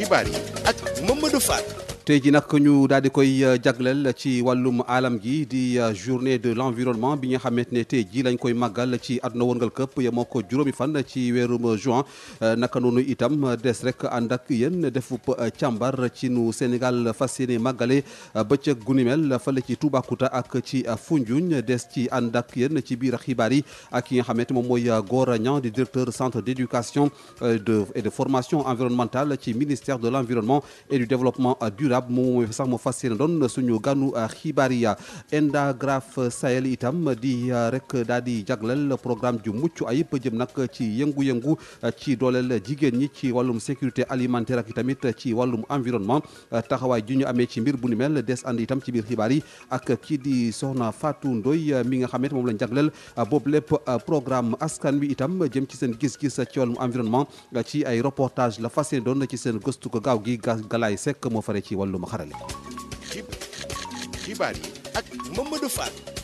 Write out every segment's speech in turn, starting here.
xibaar yi ak Mamadou Fall tey ji nag ñu daal di koy euh, jagleel ci wàllum alam gi di euh, journée de l'environnement bi nga xamante ne tey ji lañ koy màggal ci àdduna wërngal këpp yemoo ko juróomi fan ci weerum euh, juin naka noonu itam des rek ànd ak yéen defub càmbar ci nu Sénégal fas yéene màggale bëccëg gunimel fale ci Toubacouta ak ci Foundiougne des ci ànd ak yéen ci biir xibaar yi ak ki nga xamante moom mooy Gora Niang di directeur centre d'éducation de et de formation environnementale ci ministère de l'environnement Diab moom mooy sax moo fas yéene doon suñu ganu euh, xibaar yi Enda Graf Sahel itam di euh, rek daal di jagleel programme ju mucc ayib jëm nag ci yëngu-yëngu euh, ci dooleel jigéen ñi ci wàllum sécurité alimentaire ak tamit ci wàllum environnement taxawaay ju ñu amee ci mbir bu ni mel des andi ci biir xibaar yi ak kii di soxna Fatou Ndoye mi nga xam ne moom lañ jagleel boobu lépp programme askan wi itam jëm ci seen gis-gis ci wàllum environnement ci ay reportage la fas yéene doon ci seen gëstu ko gaaw gi Galaye Seck moo fare ci wàllum xarale. xibaar yi ak Mamadou Fall.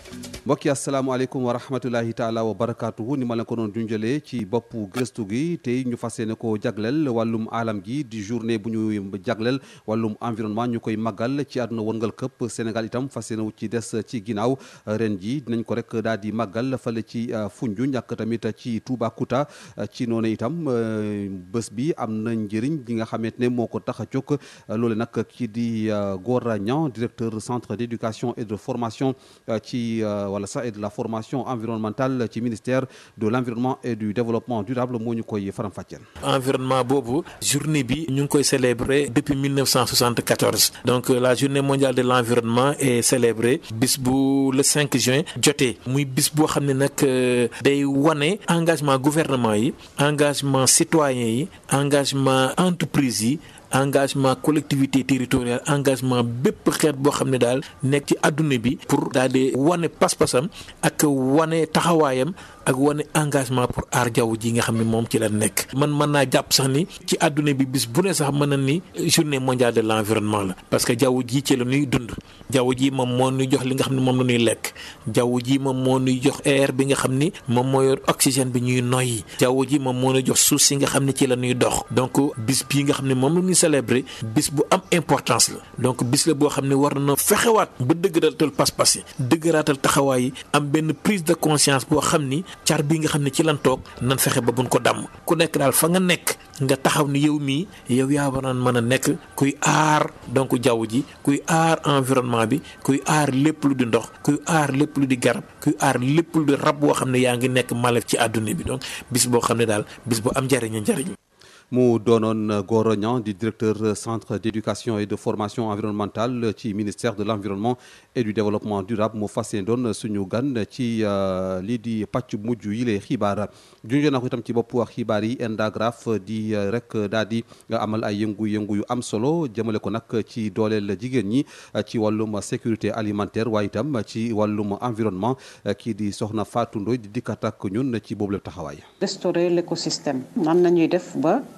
mbokk yi asalaamaaleykum wa rahmatulahi taala wa barakaatuhu ni ma leen ko doon junjalee ci bopp gëstu gi tey ñu fas yéene ko jagleel wàllum alam gi di journée bu ñu jagleel wàllum environnement ñu koy màggal ci àdduna wërngal këpp Sénégal itam fas yéene wu des ci ginnaaw ren ji dinañ ko rek daal di màggal fale ci euh, Foundiougne ak tamit ci Toubacouta ci noonu itam euh, bés bi am na njëriñ gi nga xamante ne moo ko tax a jóg loole nag ci di euh, Gora Niang directeur centre d'éducation et de formation ci. wala ça et de la formation environnementale ci ministère de l'environnement et du développement durable moo ñu koy faram-fàcceel. environnement boobu journée bi ñu ngi koy célébrer depuis 1974 donc euh, la journée mondiale de l'environnement est célébrée bis bu le 5 juin jote muy bis boo xam ne nag euh, day wane engagement gouvernement yi engagement citoyen yi engagement entreprise yi. engagement collectivité territoriale engagement bépp xeet boo xam ne daal nekk ci àdduna bi pour daal di wane pas-pasam ak wane taxawaayam ak wane engagement pour aar jaww ji nga xam ne moom ci la nekk. man mën naa jàpp sax ni ci àdduna bi bis bu ne sax mën na ni journée mondiale de l'environnement la parce que jaww ji ci la ñuy dund jaww ji moom moo ñuy jox li nga xam ne moom la ñuy lekk jaww ji moom moo nuy jox air bi nga xam ni moom moo yor bi ñuy noyyi jaww ji moom moo ñuy jox suuf si nga xam ne ci la ñuy dox donc bis bii nga xam célébrer bis bu am importance la donc bis la boo xam ne war na fexewaat ba dëggëraatal pas-pas yi dëggëraatal taxawaay yi am benn prise de conscience boo xam ni car bii nga xam ne ci lan toog nan fexe ba buñ ko dàmm ku nekk daal fa nga nekk nga taxaw ni yow mii yow yaa waroon mën a nekk kuy aar donc jaww ji kuy aar environnement bi kuy aar lépp lu di ndox kuy aar lépp lu di garab kuy aar lépp lu di rab boo xam ne yaa ngi nekk malef ci àdduna bi donc bis boo xam ne daal bis bu am njariñ njariñ mu doonoon Gora Niang di directeur centre d'éducation et de formation environnementale ci ministère de l'environnement et du développement durable mu fas suñu gan ci euh, lii di pacc mujj yi lay xibaar junjoon na ko itam ci bopp xibaar yi Endagraf di euh, rek daal di amal ay yëngu-yëngu yu am solo jëmale ko nag ci dooleel jigéen ñi euh, ci wàllum sécurité alimentaire waaye itam ci wàllum environnement kii di soxna Fatou Ndoye di dikkat ak ñun ci boobu la taxawaay.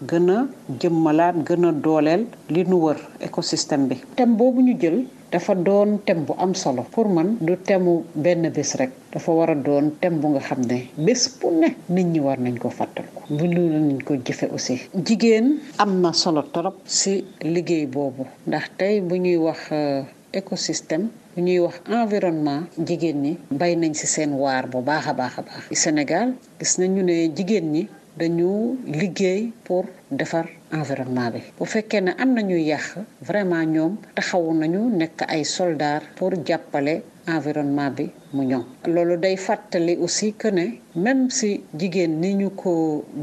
gën a jëmmalaat gën a dooleel li nu wër écosystème bi thème boobu ñu jël dafa doon thème bu am solo pour man du temu benn bés rek dafa war a doon thème bu nga xam ne bés bu ne nit ñi war nañ ko fàttal ko bu lu nañ ko jëfe aussi jigéen am na solo torop ci liggéey boobu ndax tey bu ñuy wax euh, écosystème bu ñuy wax environnement jigéen ñi bay nañ ci seen waar bu baax a baax a baax Sénégal gis nañu ne jigéen ñi dañu liggéey pour defar environnement bi bu fekkee ne am na ñu yàq vraiment ñoom taxawu nañu nekk ay soldats pour jàppale environnement bi mu ñoom loolu day fàttali aussi que ne même si jigéen ni ñu ko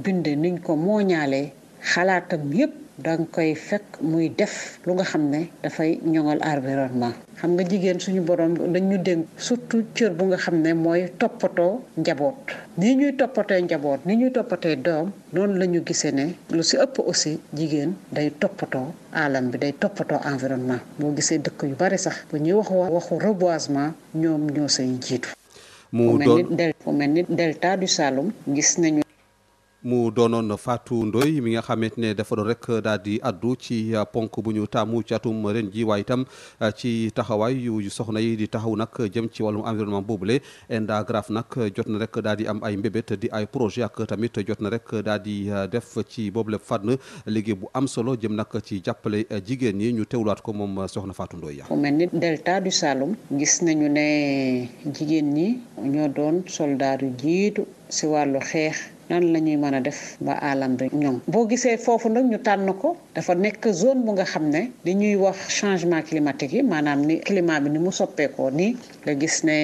bindee niñ ko mooñaalee xalaatam yépp danga koy fekk muy def lu nga xam ne dafay ñoŋal environnement xam nga jigéen suñu borom dañ ñu dénk surtout cër bu nga xam ne mooy toppatoo njaboot ni ñuy toppatoo njaboot ni ñuy toppatee doom noonu la ñu gisee ne lu si ëpp aussi jigéen day toppatoo alam bi day toppatoo environnement moo gisee dëkk yu bari sax bu ñuy wax waxu reboisement ñoom ñoo say jiitu. mu doon ku mel ni delta du Saloum gis nañu mu doonoon Fatou Ndoye mi nga xamante ne dafa doon rek daal di addu ci uh, ponk bu ñu taamu ci atum ren ji waaye itam uh, ci taxawaay yu soxna yi di taxaw nag jëm ci wàllum environnement boobule ENDA uh, GRAF nag jot na rek daal di am ay mbebet di ay projet ak tamit jot na rek daal di def ci boobule fànn liggéey bu am solo jëm nag ci jàppale jigéen ñi ñu teewlaat ko moom soxna Fatou Ndoye ya mu mel ni delta du Saloum gis nañu ne jigéen ñi ñoo doon soldaar yu jiitu si wàllu xeex nan la ñuy mën a def ba alam bi ñoom boo gisee foofu nag ñu tànn ko dafa nekk zone bu nga xam ne li ñuy wax changement climatique yi maanaam ni climat bi ni mu soppeekoo nii nga gis ne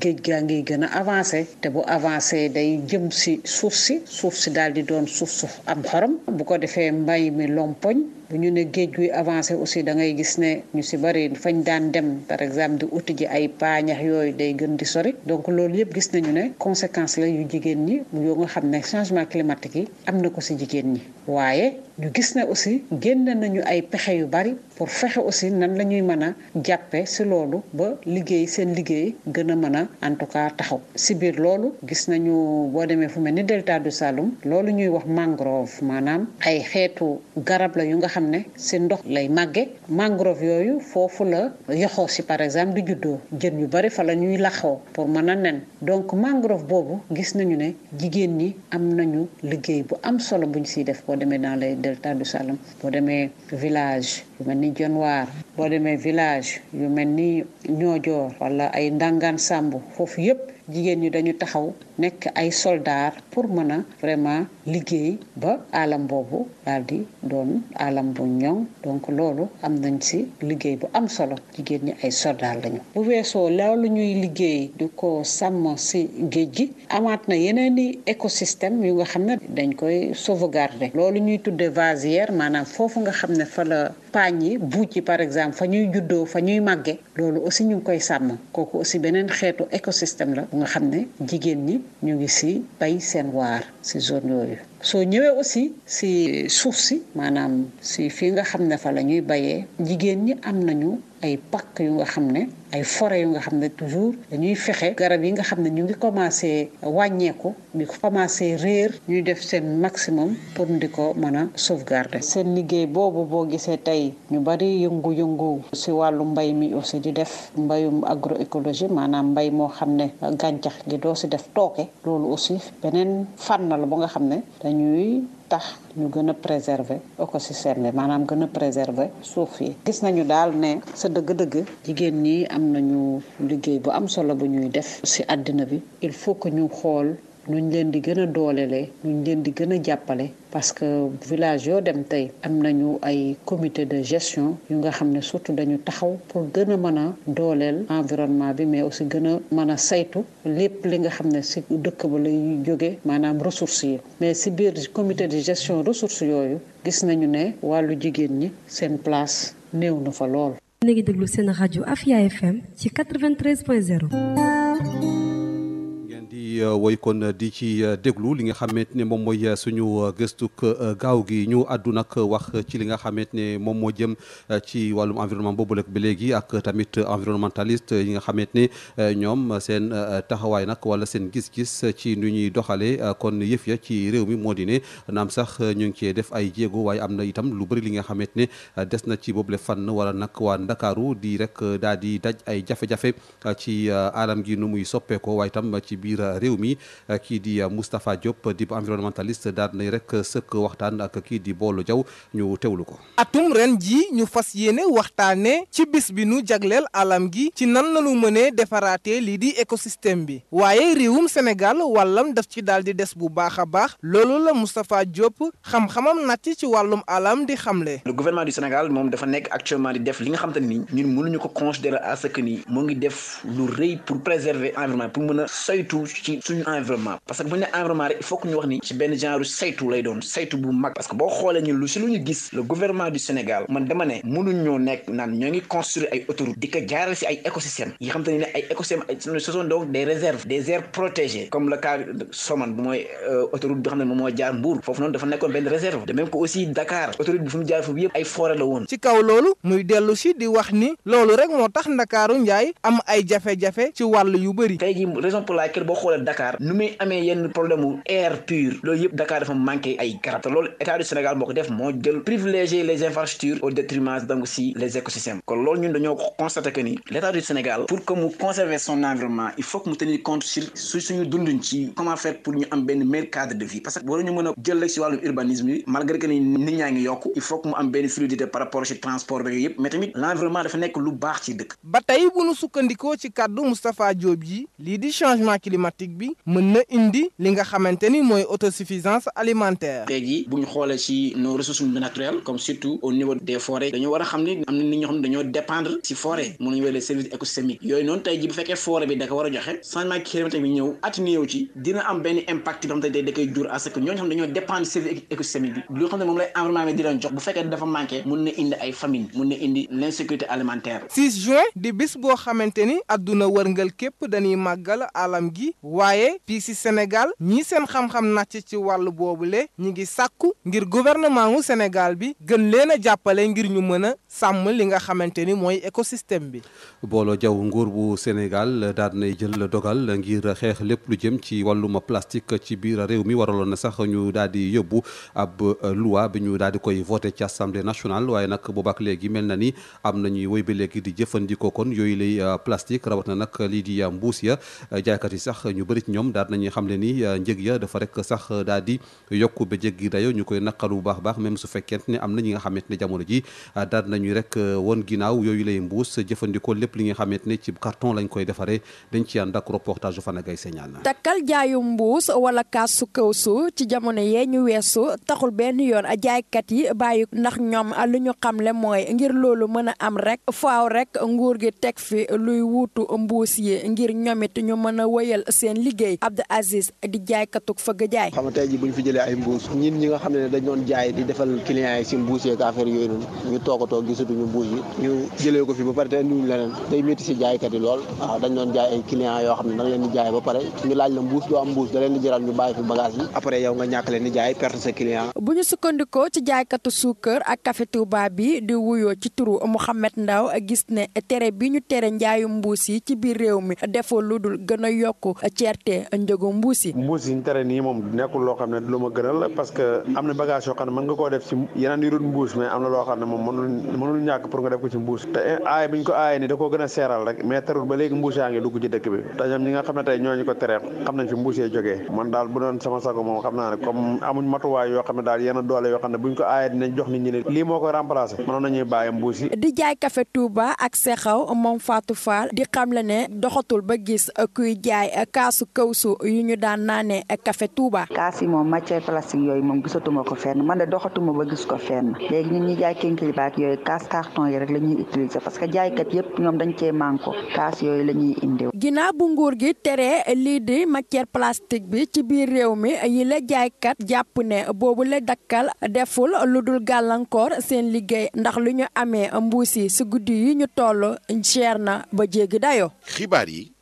géej gaa ngi gën a avancé te bu avancé day jëm si suuf si suuf si daal di doon suuf suuf am xorom bu ko defee mbay mi lompoñ bu ñu ne géej guy avancé aussi da ngay gis ne ñu si bëri fañ daan dem par exemple di uti ji ay paañax yooyu day gën di sori donc loolu yëpp gis nañu ne conséquence la yu jigéen ñi yoo nga xam ne changement climatique yi am na ko si jigéen ñi waaye ñu gis ne aussi génn nañu ay pexe yu bari pour fexe aussi nan la ñuy mën a jàppe si loolu ba liggéey seen liggéey gën a mën a en tout cas taxaw si biir loolu gis nañu boo demee fu mel ni delta du Saloum loolu ñuy wax mangrove maanaam ay xeetu garab la yu nga xam ne si ndox lay màgge mangrove yooyu foofu la yoxoo si par exemple di juddoo jën yu bari fa la ñuy laxoo pour mën a nen donc mangrove boobu gis nañu ne jigéen ñi am nañu liggéey bu am solo buñ siy def boo demee dans les delta du Saloum boo demee yu mel ni Jonwaar boo demee village yu mel ni Ñoojoor wala ay Ndangaan Sàmb foofu yëpp jigéen ñi dañu taxaw nekk ay soldaar pour mën a vraiment liggéey ba alam boobu daal di doon alam bu ñoom donc loolu am nañ si liggéey bu am solo jigéen ñi ay soldaar lañu. bu weesoo loolu ñuy liggéey di ko sàmm si géej gi amaat na yeneen i écosystème yu nga xam ne dañ koy sauvegarder loolu ñuy tuddee vasière maanaam foofu nga xam ne fa la paañ yi buuj yi par exemple fa ñuy juddoo fa ñuy màgge loolu aussi ñu ngi koy sàmm kooku aussi beneen xeetu écosystème la bu nga xam ne jigéen ñi ñu ngi ci bay seen waar si zone yooyu soo ñëwee aussi si suuf si maanaam si fii nga xam ne fa lañuy bayee jigéen ñi am nañu ay pàkk yu nga xam ne ay forêt yu nga xam ne toujours dañuy fexe garab yi nga xam ne ñu ngi commencé wàññeeku ñu commencé réer ñuy def seen maximum pour di ko mën a sauvegarder. seen liggéey boobu boo gisee tey ñu bari yëngu-yëngu si wàllu mbay mi aussi di def mbayum agro écologie maanaam mbay moo xam ne gàncax gi doo si def tooke loolu aussi beneen fànn la ba nga xam ne. dañuy tax ñu gën a préserver écosystème bi maanaam gën a préserver suuf yi gis nañu daal ne sa dëgg-dëgg jigéen ñi am nañu liggéey bu am solo bu ñuy def ci àddina bi il faut que ñu xool nuñ leen di gën a doolelee nuñ leen di gën a jàppale parce que village yoo dem tey am nañu ay comité de gestion yu nga xam ne surtout dañu taxaw pour gën a mën a dooleel environnement bi mais aussi gën a mën a saytu lépp li nga xam ne si dëkk ba lay jóge maanaam ressources yi mais si biir comité de gestion ressources yooyu gis nañu ne wàllu jigéen ñi seen place néew na fa lool. na ngi déglu seen rajo Afia FM ci 93.0. di euh, woy kon euh, di ci euh, déglu li nga xamante ne moom mooy suñu gëstuk gaaw gi ñu àddu nag wax ci li nga xamante ne moom moo jëm ci wàllum environnement boobu rek ba léegi ak tamit environnementaliste yi nga xamante ne ñoom seen taxawaay nag wala seen gis-gis ci nu ñuy doxalee kon yëf ya ci réew mi moo di ne naam sax ñu ngi cee def ay jéego waaye am na itam lu bëri li nga xamante ne des na ci boobule fànn wala nag waa Ndakaaru di rek daal di daj ay jafe-jafe ci alam gi nu muy soppeekoo waaye itam ci biir réew mi kii di Moustapha Diop di environnementaliste daal nay rek sëkk waxtaan ak kii di Boolu Jaw ñu teewlu ko. atum ren ji ñu fas yéene waxtaanee ci bis bi nu jagleel alam gi ci nan lañu mënee defaraatee lii di écosystème bi waaye réewum Sénégal wàllam daf ci daal di des bu baax a baax loolu la Moustapha Diop xam-xamam natt ci wàllum alam di xamle. le gouvernement du Sénégal moom dafa nekk actuellement di def li nga xamante ni ñun mënuñu ko considérer à ce ni moo ngi def lu rëy ci suñu environnement parce que bu ñu ne environnement rek il faut ñu wax ni ci benn genre saytu lay doon saytu bu mag parce que boo xoolee ñu lu si lu ñu gis le gouvernement du Sénégal man dama ne nekk naan ñoo ngi construire ay autoroutes di ko jaaral si ay écosystèmes yi xam ne ay écosystèmes ay ce sont des réserves des aires protégées comme le cas Somone bu mooy euh, autoroute bi xam ne moom jaar Mbour foofu noonu dafa nekkoon benn réserve boo kon loolu ñun dañoo constaté que ni l' du Sénégal pour que mu conserver son environnement il faut que mu tenir compte su suñu dunduñ ci comment faire pour ñu am benn meilleur cadre de vie parce que waruñu mën a jël rek si wàllum urbanisme malgré que ni nit ñaa ngi yokku il faut que mu am benn fluidité par rapport ci transport beeg yëpp mais dafa nekk lu baax ci dëkk. ba tey bu nu sukkandikoo ci kàddu Moustapha Diop yi lii di changement climatique climatique bi mën na indi li nga xamante ni mooy autosuffisance alimentaire. tey jii bu ñu xoolee ci nos ressources naturelles comme surtout au niveau des ni am na nit ñoo xam ne dañoo dépendre ci forêt mun nañu wax les services écosystémiques yooyu noonu tey jii bu a joxe changement climatique bi ñëw atténué wu ci dina am benn impact bi nga xam ne da koy jur à ce que mun na indi ay famine mun na indi l'insécurité alimentaire. juin di bis boo xamante ni adduna wërngal képp dañuy màggal alam gi waaye fii si Sénégal ñi seen xam-xam nàcc ci wàllu le ñi ngi sàkku ngir gouvernement wu Sénégal bi gën leen a jàppale ngir ñu mën a sàmm li nga xamante ni mooy écosystème bi. Boolo Jaw nguur bu Sénégal daal nay jël dogal ngir xeex lépp lu jëm ci wàllum plastique ci biir réew mi waraloon na sax ñu daal di yóbbu ab loi bi ñu daal di koy voté ci assemblée nationale waaye nag boobaak léegi mel na ni am na ñuy woy bi léegi di jëfandikoo kon yooyu lay euh, plastique rawat na nag lii di mbuus ya jaaykat yi sax tax ñu bëri ci ñoom daal nañuy xam le ni euh, njëg ya dafa rek sax euh, daal di yokku ba jéggi dayo ñu koy naqaru bu baax baax même su fekkente ne am na ñu nga xamante ne jamono ji euh, daal nañuy rek woon ginnaaw yooyu lay mbuus jëfandikoo lépp li nga xamante ne ci carton lañ koy defaree dañ ci ànd ak reportage u Fana Gaye Segnal na takkal jaayu mbuus wala kaasu kawsu ci jamono yee ñu weesu taxul benn yoon jaaykat yi bàyyi ndax ñoom lu ñu xamle mooy ngir loolu mën a am rek faaw rek nguur gi teg fi luy wuutu mbuus yi ngir ñoom it ñu mën a wëyal seen liggéey Abdou Aziz di jaaykatug fëgg jaay xam nga tey ji bu ñu fi jëlee ay mbuus ñin ñi nga xam ne dañ doon jaay di defal clients yi si mbuus yeeg affaire yooyu noonu ñu toog a toog gisatuñu mbuus yi ñu jëlee ko fi ba pare te indiwuñu leneen day métti si jaaykat lool waaw dañ doon jaay ay clients yoo xam ne da leen di jaay ba pare ñu laaj la mbuus doo am mbuus da leen di jëral ñu bàyyi fi bagage yi après yow nga ñàkk leen jaay perte sa client bu ñu sukkandikoo gis ne tere bi ñu tere njaayu mbuus yi ci biir réew mi defoo lu dul gën a yokk ceerte njëgu mbuus yi mbuus yi ñu tere nii moom nekkul loo xam ne lu ma gënal parce que am na bagage yoo xam ne moom mënul mënul a seeral rek mais terul ba léegi mbuus di xam le ne doxatul ba gis kuy jaay kaasu kawsu yu ñu daan naanee kafe Touba. kaas yi moom matière plastique yooyu moom gisatuma ko fenn man de doxatuma ba gis ko fenn léegi ñun ñi jaay kénkili baak yooyu kaas carton yi rek la ñuy utiliser parce que jaaykat yëpp ñoom dañ cee manko kaas yooyu la ñuy indi. ginnaaw bu nguur gi tere lii di matière plastique bi ci biir réew mi yi la jaaykat jàpp ne boobu la dakkal deful lu dul gàllankoor seen liggéey ndax lu ñu amee mbuus yi si guddi yi ñu toll cher na ba jéggi dayo xibaar yi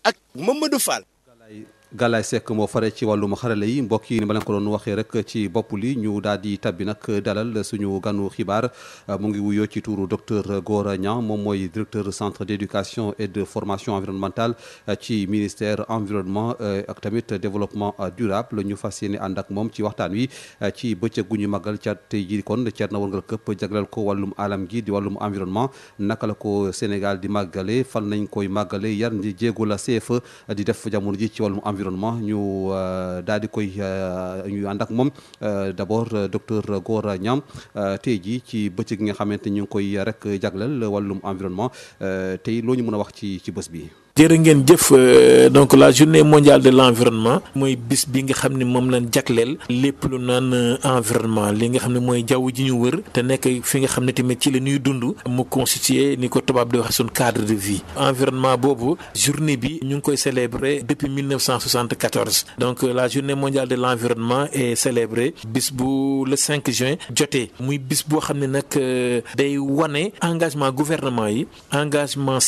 Galaye Seck moo fare ci wàllum xarale yi mbokk yi ni ma leen ko doon waxee rek ci bopp li ñu daal di tabbi nag dalal suñu ganu xibaar euh, mu ngi wuyoo ci tuuru docteur Gora moom mooy directeur centre d'éducation et de formation environnementale euh, ci ministère environnement euh, ak tamit développement durable ñu fas yéene ànd ak moom ci waxtaan wi ci bëccëg gu ñu màggal ca tey jii kon ceer na warngal këpp jagleel ko wàllum alam gi di wàllum environnement naka la ko Sénégal di màggale fan nañ koy màggale yar ndi jéego la di def jamono ji ci wàllum environnement ñu euh, daal di koy euh, ñu ànd ak moom euh, d' abord docteur Gora Niam tey jii ci bëccëg gi nga xamante ñu ngi koy rek jagleel wàllum environnement tey loo ñu mën a wax ci ci bés bi. jërë ngeen jëf euh, donc la journée mondiale de l'environnement mooy bis bi nga xam ne moom lañ jagleel lépp lu naan euh, environnement li nga xam ne mooy jaww ji ñu wër te nekk fi nga xam ne tamit ci la nuy dund mu constitué ni ko tubaab di wax suñ cadre de vie environnement boobu journée bi ñu ngi koy célébrer depuis 1974 donc euh, la journée mondiale de l'environnement est célébrée bis bu le 5 juin jotee muy bis boo xam ne nag day wane engagement gouvernement yi engagement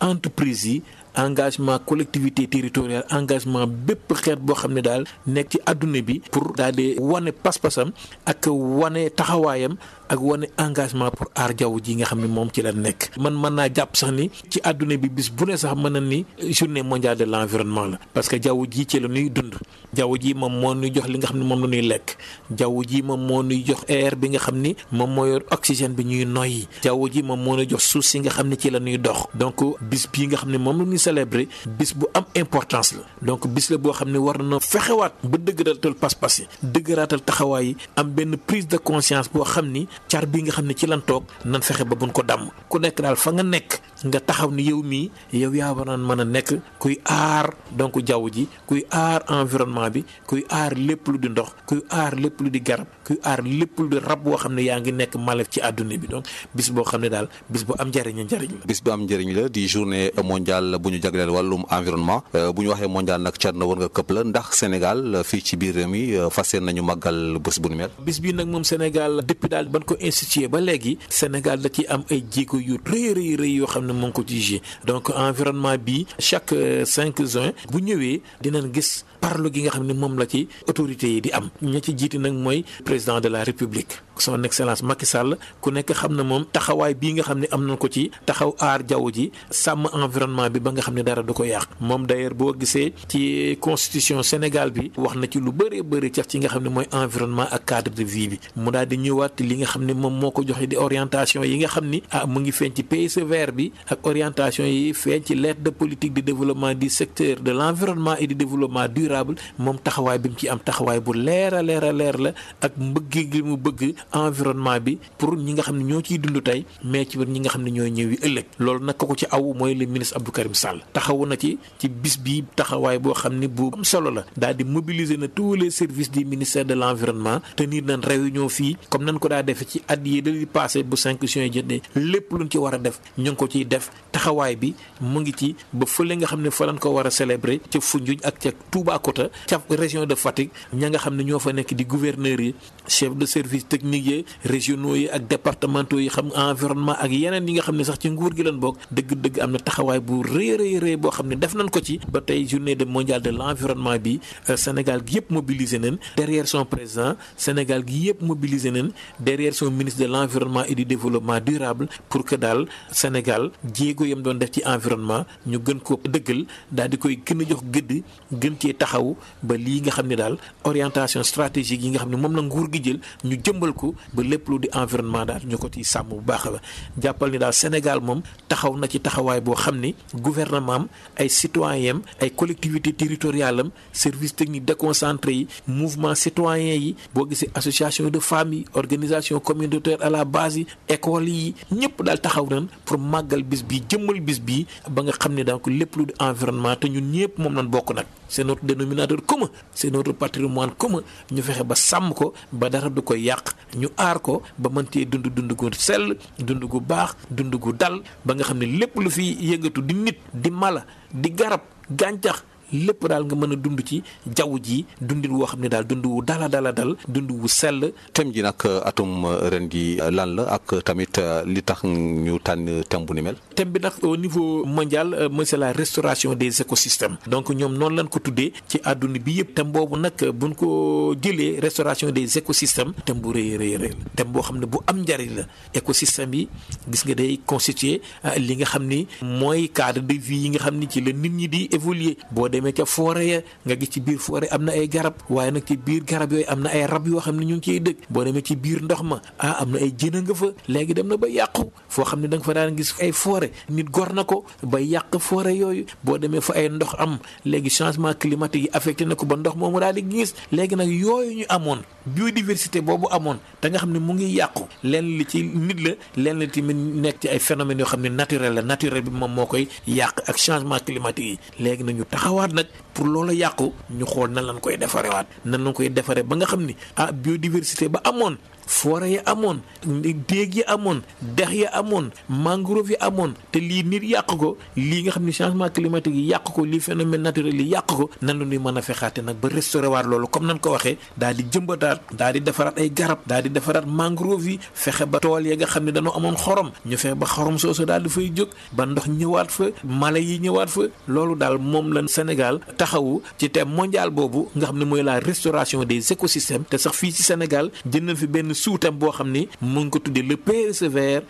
entreprise yi engagement collectivité territoriale engagement bépp xeet boo xam ne daal nekk ci àdduna bi pour daal di wane pas-pasam ak wane taxawaayam ak wane engagement pour aar jaww ji nga xam ne moom ci la nekk. man mën naa jàpp sax ni ci àdduna bi bis bu ne sax mën na ni journée mondiale de l'environnement la parce que jaww ji ci la ñuy dund jaww ji moom moo ñuy jox li nga xam ne moom la ñuy lekk jaww ji moom moo ñuy jox air bi nga xam ni moom moo yor oxygène bi ñuy noyyi jaww ji moom moo ñuy jox suuf si nga xam ne ci la nuy dox donc bis bii nga xam ne moom la ñuy célébrer bis bu am importance la donc bis la boo xam ne war na fexewaat ba dëgg raatal pas-pas yi dëgg taxawaay am benn prise de conscience boo xam ni car bii nga xam ne ci lan toog nan fexe ba buñ ko dàmm ku nekk daal fa nga nekk nga taxaw ni yow mii yow yaa waroon mën a nekk kuy aar donc jaww ji kuy aar environnement bi kuy aar lépp lu di ndox kuy aar lépp lu di garab kuy aar lépp lu di rab boo xam ne yaa ngi nekk malef ci àdduna bi donc bis boo xam ne daal bis bu am njëriñ la njëriñ la. bis bu njëriñ la di journée mondiale bu ñu jagleel wàllum environnement euh, bu ñu waxee mondiale nag car na war nga këpp la ndax Sénégal euh, fii ci biir réew mi euh, fas yéene nañu màggal bës bu nu mel. bis bii nag moom Sénégal depuis daal ban ko institué ba léegi Sénégal da ciy am ay jéego yu ne mu ngi ko ci jugé donc environnement bi chaque euh, cinq juin bu ñëwee dinañ gis parlo gi nga xam ne moom la ci autorité yi di am ña ci jiite nag mooy président de la république son excellence Macky Sall ku nekk xam na moom taxawaay bii nga xam ne am nañ ko ci taxaw aar jaww ji sàmm environnement bi ba nga xam ne dara du ko yàq moom d'ailleurs boo gisee ci constitution Sénégal bi wax na ci lu bëree bëri cax ci nga xam ne mooy environnement ak cadre de vie bi mu daal xam ne moom moo ko joxe di orientation yi nga xam ni ah mu ngi feeñ ci PSE vert bi ak orientation yi feeñ ci lettre de politique de développement du secteur de l'environnement et du développement durable moom taxawaay bi mu ci am taxawaay bu leer a leer a la ak mbëgg environnement bi pour ñi nga xam ne ñoo ciy dund tey mais ci biir ñi nga xam ne ñooy ñëwi ëllëg loolu nag ko ci aw mooy le ministre Abdou Karim Sall taxawu na ci ci bis bi taxawaay boo xam ne bu solo la daal di mobiliser na tous les services du ministère de l' environnement tenir nañ réunion fii comme nañ ko daa defee ci at yi dali passé bu cinq juin jotee lépp luñ ci war a def ñoo ngi ko ciy def taxawaay bi mu ngi ci ba fële nga xam ne fa lañ ko war a célébrer ak ca ca région de Fatick ña nga xam ne ñoo fa nekk di gouverneurs yi yi régionaux yi ak départementaux yi xam environnement ak yeneen yi nga xam ne sax ci nguur gi lan bokk dëgg-dëgg am na taxawaay bu rëy rëy rëy boo xam ne def nañ ko ci ba tey journée de mondiale de l'environnement bi euh, Sénégal gi yëpp mobilisé nañ derrière son président Sénégal gi yëpp mobilisé nañ derrière son ministre de l'environnement et du développement durable pour que daal Sénégal jéego yam doon def ci environnement ñu gën ko dëggal daal di koy gën a jox gëdd tënku ba lépp lu di environnement daal ñu ko ci sàmm bu baax la jàppal ni daal Sénégal moom taxaw na ci taxawaay boo xam ni gouvernement am ay citoyen am ay collectivité territoriale am service technique déconcentré yi mouvement citoyen yi boo gisee association de femmes yi organisation communautaire à la base yi école yi ñëpp daal taxaw nañ pour màggal bis bi jëmmal bis bi ba nga xam ne donc lépp lu du environnement te ñun ñëpp moom lañ bokk nag c'est notre dénominateur commun c'est notre patrimoine ñu aar ko ba mën cee dund dund gu sell dund gu baax dund gu dal ba nga xam ne lépp lu fi yëngatu di nit di mala di garab gàncax lépp daal nga mën a dund ci jaww ji dundin woo xam ne daal dund wu dala dala dal dund wu sell. thème ji nag atum ren ji lan la ak tamit euh, li tax ñu tànn thème bu ni mel. thème bi nag au niveau mondial euh, mooy c'est la restauration des écosystèmes donc ñoom noonu lañ ko tuddee ci àdduna bi yëpp thème boobu nag buñ ko jëlee restauration des écosystèmes thème bu rëy rëy rëy thème boo xam ne bu am njariñ la écosystème yi gis nga day constituer euh, li nga xam ni mooy cadre demee ca forêt ya nga gis ci biir forêt am na ay garab waaye nag ci biir garab yooyu am na ay rab yoo xam ne ñu ngi ciy dëkk boo demee ci biir ndox ma ah am na ay jën a nga fa léegi dem na ba yàqu foo xam ne danga nga fa daan gis ay forêt nit gor na ko ba yàq forêt yooyu boo demee fa ay ndox am léegi changement climatique yi affecté na ko ba ndox moomu daal di gis léegi nag yooyu ñu amoon biodiversité boobu amoon te nga xam ne mu ngi yàqu lenn li ci nit la lenn li tamit nekk ci ay phénomènes yoo xam ne naturel la naturel bi moom moo koy yàq ak climatique yi nag pour loola yàqu ñu xool na lañ koy defarewaat nan lañ koy defare ba nga xam ni ah biodiversité ba amoon forêt ya amoon déeg ya amoon dex ya amoon mangrove ya amoon te lii nit yàq ko lii nga xam ne changement climatique yi yàq ko lii phénomène naturel yi yàq ko nan la ñuy mën a fexaate nag ba restauré waat loolu comme nan ko waxee daal di jëmbataat daal di defaraat ay garab daal di defaraat mangrove yi fexe ba tool ya nga xam ne dañoo amoon xorom ñu ba xorom soosu daal di fay jóg ba ndox ñëwaat fa mala yi ñëwaat fa loolu daal taxawu ci thème mondial boobu nga xam ne mooy la restauration des écosystèmes te sax fii ci Sénégal jënd na fi benn sous boo xam ni mu ngi ko tuddee le PSE vert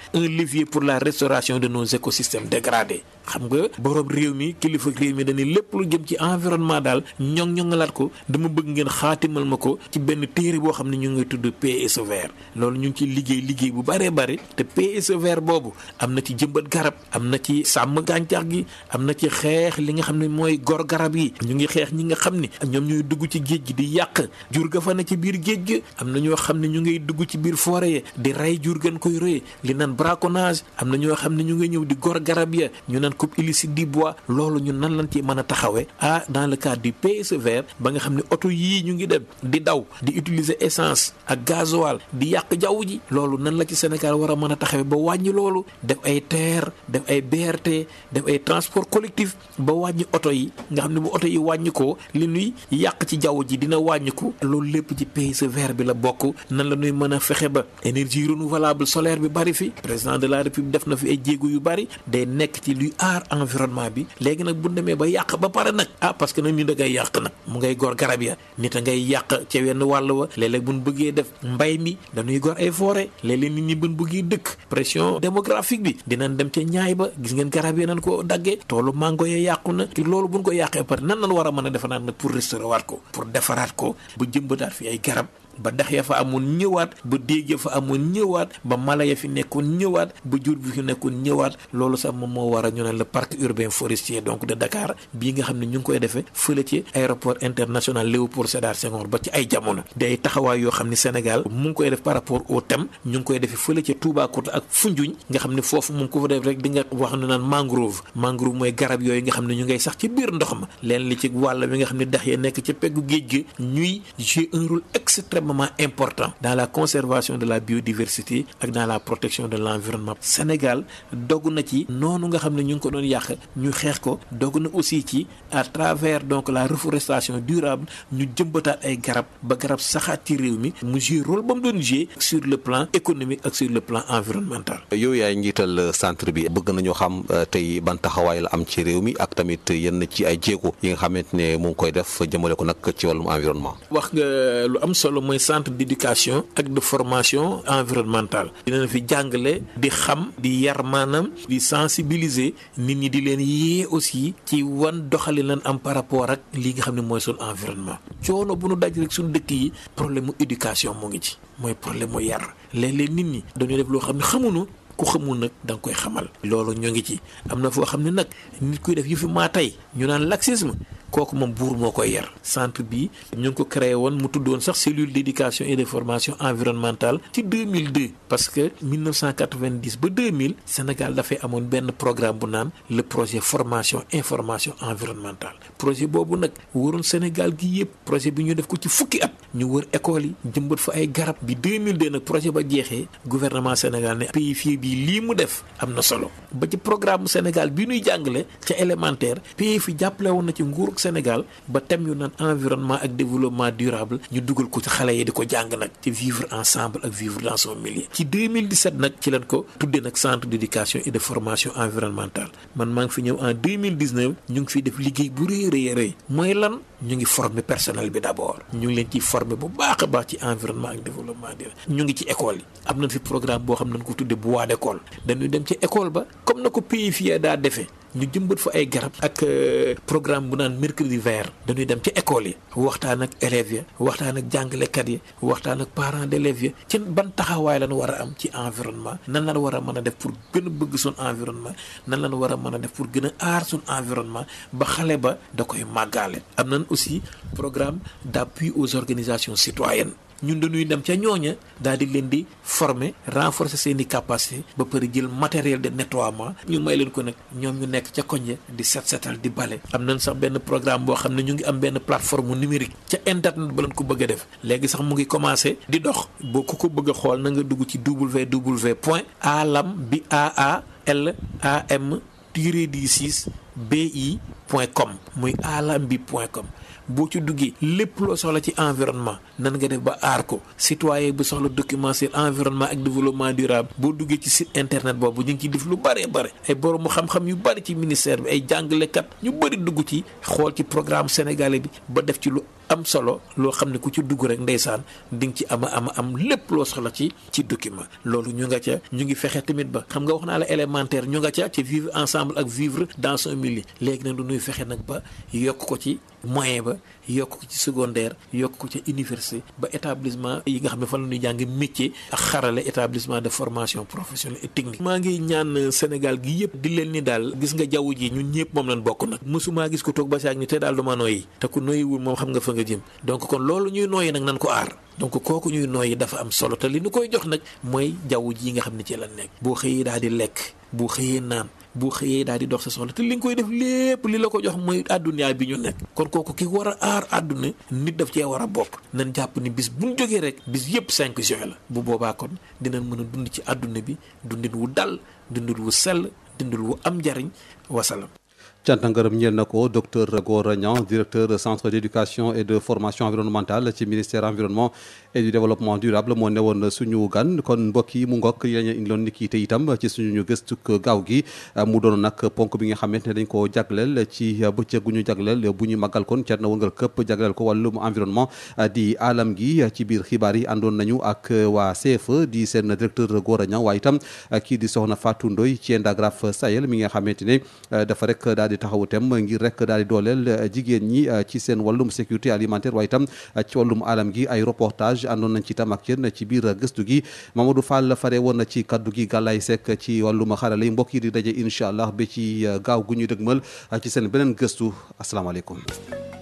pour la restauration de nos écosystèmes dégradés xam nga borom réew mi kilifa réew mi dañuy lépp lu jëm ci environnement daal ñoŋ ñoŋalaat ko dama bëgg ngeen xaatimal ma ko ci benn téere boo xam ne ñu ngi tudd PSE vert loolu ñu ngi ciy liggéey liggéey bu bëree bëri te PSE boobu am na ci jëmbat garab am na ci sàmm gàncax gi am na ci xeex li nga xam ne mooy gor garab yi ñu ngi xeex ñi nga xam ni ñoom ñooy dugg ci géej gi di yàq jur ga fa ne ci biir géej gi am na ñoo xam ne ñu ngay dugg ci biir forêt di rey jur gën koy rëy li naan braconnage am na ñoo xam ne ñu ngay ñëw di gor garab ya ñu naan coupe illicite du bois loolu ñu nan lan ci mën a taxawee ah dans le cadre du PSE vert ba nga xam ne oto yii ñu ngi dem di daw di utiliser essence ak gasoil di yàq jaww ji loolu nan la ci Sénégal war a mën a taxawee ba wàññi loolu def ay TER def ay BRT def ay transport collectif ba wàññi oto yi wàññikoo li nuy yàq ci jaww ji dina wàññiku loolu lépp ci PSE vert bi la bokk nan la ñuy mën a fexe ba énergie renouvelable solaire bi bari fi président de la république def na fi ay jéego yu bari day nekk ci luy aar environnement bi léegi nag bu demee ba yàq ba pare nag ah parce que nag nit da ngay yàq nag mu ngay gor garab ya nit a ngay yàq ca wenn wàll wa léeg-léeg bu ñu bëggee def mbay mi dañuy gor ay forêt léeg-léeg nit ñi bu ñu bëggee dëkk pression démographique bi dinañ dem ca ñaay ba ko daggee lan war a mën a defe naan nag pour restaurer waat ko pour defaraat ko ba jëmbataat fi ay garab ba dax ya fa amoon ñëwaat ba déeg ya fa amoon ñëwaat ba mala ya fi nekkoon ñëwaat ba jur bi fi nekkoon ñëwaat loolu sax moom moo war a ñu ne le parc urbain forestier donc de Dakar bii nga xam ne ñu ngi koy defee fële ci aéroport international Léopold Sédar Senghor ba ci ay jamono day taxawaay yoo xam ne Sénégal mu ngi koy def par rapport au thème ñu ngi koy defee fële ci Toubacouta ak Foundiougne nga xam ne foofu mu ngi ko fa def rek di nga wax ne naan mangrove mangrove mooy garab yooyu nga xam ne ñu ngay sax ci biir ndox ma leen li ci wàll wi xam ne dax ya nekk ci peggu géej gi ñuy jouer extrêmement important dans la conservation de la biodiversité ak dans la protection de l'environnement Sénégal dogg na ci noonu nga xam ne ñu ngi ko doon yàq ñu xeex ko dogu na aussi ci à travers donc la reforestation durable ñu jëmbataat ay garab ba garab saxaat ci réew mi mu joué rôle ba mu doon joué sur le plan économique ak sur le plan environnemental. yow yaay njiital euh, centre bi bëgg nañu xam euh, tey ban taxawaay la am ci réew mi ak tamit yenn ci ay jéego yi nga xamante ne mu ngi koy def jëmale ko nag ci wàllum environnement. mooy centre d'éducation ak de formation environnementale dinañ fi jàngale di xam di yar maanaam di sensibiliser nit ñi di leen yee aussi ci wan doxali lan am par rapport ak li nga xam ne mooy suñu environnement coono bu nu daj rek suñu dëkk yi problème mu moo ngi ci mooy problème mu yar léeg-léeg nit ñi dañoo def loo xam ne xamuñu ku xamul nag da nga koy xamal loolu ñoo ngi ci am na foo xam ne nag nit kuy def yu fi maa tey ñu naan laxisme kooku moom buur moo koy yar centre bi ñu ngi ko créé woon mu tuddoon sax cellule dédication et de formation environnementale ci 2002 parce que 1990 ba 2000 Sénégal dafay amoon benn programme bu naan le projet formation information environnementale projet boobu nag waroon Sénégal gi yëpp projet bi ñu def ko ci fukki at ñu wër école yi jëmbat fa ay garab bi 2002 nag projet ba jeexee guvernement Sénégal ne pays fii bii lii mu def am na solo ba ci programme Sénégal bi ñuy jàngale ca élémentaire jàppale woon ci nguur Sénégal ba thème yu naan environnement ak développement durable ñu dugal ko ci xale yi di ko jàng nag ci vivre ensemble ak vivre dans son milieu ci nag ci lañ ko tuddee nag centre d'éducation et de formation environnementale man maa ngi fi ñëw en ñu ngi fiy def liggéey bu rëy rëy rëy mooy lan ñu ngi former personnel bi d'abord ñu leen ciy former bu baax baax ci environnement ak développement durable ñu ngi ci école yi am nañ fi programme boo xam ñu jëmbat fa ay garab ak euh, programme bu naan mercredi vert dañuy dem ci école yi waxtaan ak élèves yi waxtaan ak jàngalekat yi waxtaan ak parent d'élèves yi ci ban taxawaay lañu war a am ci environnement nan lañu war a mën a def pour gën a bëgg suñu environnement nan lañu war a mën a def pour gën a aar suñu environnement ba xale ba da koy màggaale am nañ aussi programme d'appui aux organisations citoyennes ñun dañuy dem ca ñooña daal di leen di former renforce seen i capacité ba pare jël matériel de nettoiement ñu may leen ko nag ñoom ñu nekk ca koñ di set setal di bale. am nañ sax benn programme boo xam ne ñu ngi am benn plateforme numérique ca internet ba leen ko bëgg def léegi sax mu ngi commencé di dox boo ku ko bëgg a xool na nga dugg ci www point alam bi aa l a m tiré du 6 bi point com muy alam bi point com. boo ci duggee lépp loo soxla ci environnement nan nga def ba aar ko citoyen bu soxla document sur environnement ak développement durable boo duggee ci site internet boobu ñu ngi ciy def lu bëree bëri ay borom xam yu bëri ci ministère bi ay jàngalekat ñu bëri dugg ci xool ci programme sénégalais ba def ci lu am solo loo xam ne ku ci dugg rek ndeysaan di nga ci ama ama am lépp loo soxla ci ci document loolu ñu nga ca ñu ngi fexe tamit ba xam nga wax naa la élémentaire ñu nga ca ci vivre ensemble ak vivre dans son milieu léegi nag du ñuy fexe nag ba yokk ko ci moyen ba yokk ko ci secondaire yokk ko ci université ba établissement yi nga xam ne fan la ñuy jàng métier ak xarale établissement de formation professionnelle et technique. maa ngi ñaan Sénégal gi yëpp di leen ni daal gis nga jaww ji ñu ñëpp moom lañ bokk nag mësumaa gis ko toog ba saag ñu te daal ma nooyi te ku nooyiwul moom xam nga fa nga jëm donc kon loolu ñuy nooyi nag nan ko aar. donc kooku ñuy nooyi dafa am solo te li nu koy jox nag mooy jaww ji nga xam ne ci lan nekk boo xëyee daal di lekk boo xëyee naan bu xëyee daal di dox sa soxla te li nga koy def lépp li la ko jox mooy àdduna bi ñu nekk kon kooku ki war a aar àdduna nit daf cee war a bokk nañ jàpp ni bis buñ jógee rek bis yëpp cinq juin la bu boobaa kon dinañ mën a dund ci àdduna bi dundin wu dal dundin wu sell dundin wu am njariñ wasalam cant ngërëm ñeel na ko docteur Gora Niang directeur centre d'éducation et de formation environnementale ci ministère environnement et du durable moo ne suñu gan kon mbokk mu ngokk yi lañu indiloon ni kii te itam ci suñu gëstuk gaaw gi mu doon nag ponk bi nga xamante ne dañ ko jagleel ci bëccëg gu ñu jagleel bu ñu màggal kon cat na wëngal këpp jagleel ko wàllum environnement di alam gi ci biir xibaar yi andoon nañu ak waa CFE di seen directeur Gora Niang waaye kii di soxna Fatou Ndoye ci Endagraf Sahel mi nga xamante ne dafa daal di taxawu tem ngir rek daal di dooleel eh, jigéen ñi eh, ci seen wàllum sécurité alimentaire waaye itam eh, ci wàllum alam gi ay reportage àndoon nañ ci tam ak yéen ci biir gëstu gi Mamadou Fall fare woon na ci kaddu gi Galaye Seck ci wàllum xarala lay mbokk yi di daje incha allah ba ci gaaw gu ñu dëgmal ci seen beneen gëstu asalaamaaleykum